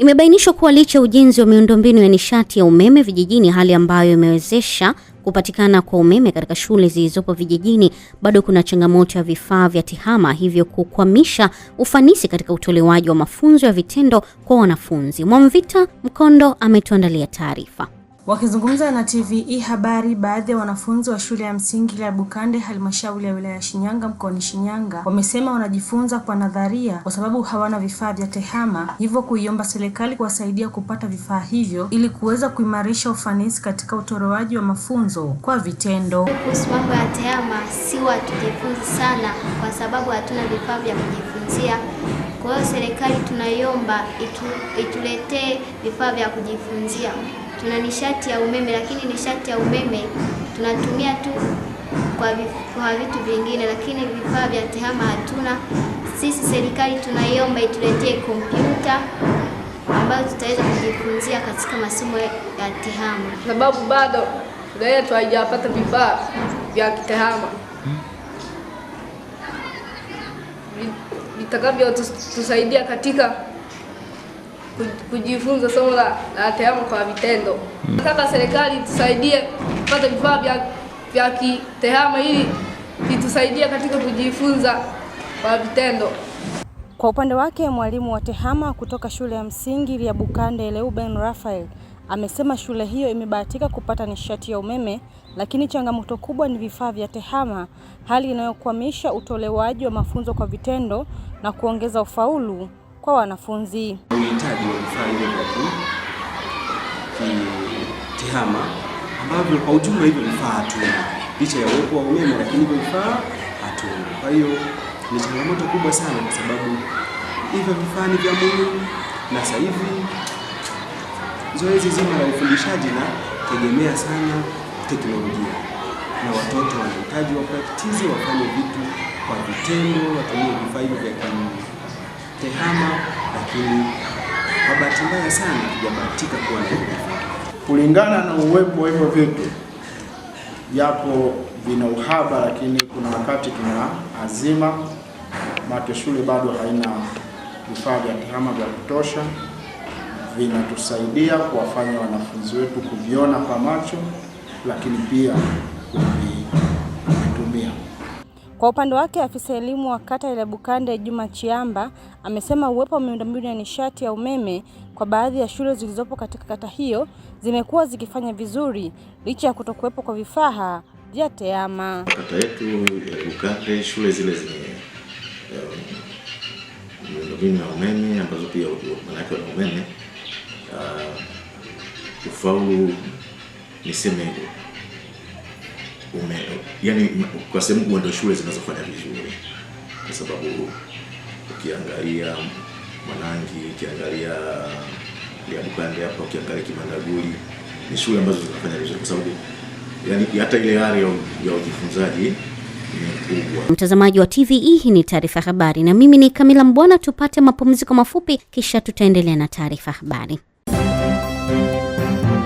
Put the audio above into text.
Imebainishwa kuwa licha ya ujenzi wa miundombinu ya nishati ya umeme vijijini, hali ambayo imewezesha kupatikana kwa umeme katika shule zilizopo vijijini, bado kuna changamoto ya vifaa vya TEHAMA, hivyo kukwamisha ufanisi katika utolewaji wa mafunzo ya vitendo kwa wanafunzi. Mwamvita Mkondo ametuandalia taarifa. Wakizungumza na TVE Habari, baadhi ya wanafunzi wa shule ya msingi ya Bukande halmashauri ya wilaya ya Shinyanga mkoani Shinyanga wamesema wanajifunza kwa nadharia kwa sababu hawana vifaa vya TEHAMA, hivyo kuiomba serikali kuwasaidia kupata vifaa hivyo ili kuweza kuimarisha ufanisi katika utoroaji wa mafunzo kwa vitendo. Kuhusu mambo ya TEHAMA, si watujifunzi sana kwa sababu hatuna vifaa vya kujifunzia. Kwa hiyo serikali tunaiomba itu, ituletee vifaa vya kujifunzia tuna nishati ya umeme, lakini nishati ya umeme tunatumia tu kwa vitu vingine, lakini vifaa vya TEHAMA hatuna. Sisi serikali tunaiomba ituletee kompyuta ambazo tutaweza kujifunzia katika masomo ya TEHAMA, sababu bado shule yetu vifaa vya kitehama hmm. tusaidia katika kujifunza somo la, la tehama kwa vitendo. Mm. Nataka mm. serikali tusaidie kupata vifaa vya, vya kitehama ili vitusaidie katika kujifunza kwa vitendo. Kwa upande wake mwalimu wa tehama kutoka shule ya msingi ya Bukande Leuben Raphael amesema shule hiyo imebahatika kupata nishati ya umeme, lakini changamoto kubwa ni vifaa vya tehama, hali inayokwamisha utolewaji wa mafunzo kwa vitendo na kuongeza ufaulu kwa wanafunzi. Uhitaji wa vifaa hivyo vya TEHAMA ambavyo kwa ujumla hivyo vifaa hatuna, licha ya uwepo wa umeme, lakini hivyo vifaa hatuna. Kwa hiyo ni changamoto kubwa sana, kwa sababu hivyo vifaa ni vya muhimu, na sasa hivi zoezi zima la ufundishaji na tegemea sana teknolojia, na watoto wanahitaji wapraktisi, wafanye vitu kwa vitendo, watumie vifaa hivyo vya TEHAMA, lakini kwa bahati mbaya sana hatujabahatika kuwa na kulingana na uwepo wa hivyo vitu, japo vina uhaba, lakini kuna wakati tuna azima make shule bado haina vifaa vya TEHAMA vya kutosha vinatusaidia kuwafanya wanafunzi wetu kuviona kwa macho, lakini pia kuvi kwa upande wake afisa elimu wa kata ya Bukande Juma Chiamba amesema uwepo wa miundombinu ya nishati ya umeme kwa baadhi ya shule zilizopo katika kata hiyo zimekuwa zikifanya vizuri licha ya kutokuwepo kwa vifaa vya TEHAMA. Kata yetu ya Bukande shule zile zenye eh, miundombinu ya umeme ambazo pia manake wana umeme ah, ufaulu niseme ume yani kwa sehemu kubwa ndio shule zinazofanya vizuri, kwa sababu ukiangalia Mwanangi, ukiangalia Liabukande hapa, ukiangalia Kimandaguli ni shule ambazo zinafanya vizuri kwa sababu yani hata ile ari ya ujifunzaji Mtazamaji wa TVE, hii ni taarifa habari, na mimi ni Kamila Mbwana. Tupate mapumziko mafupi, kisha tutaendelea na taarifa habari.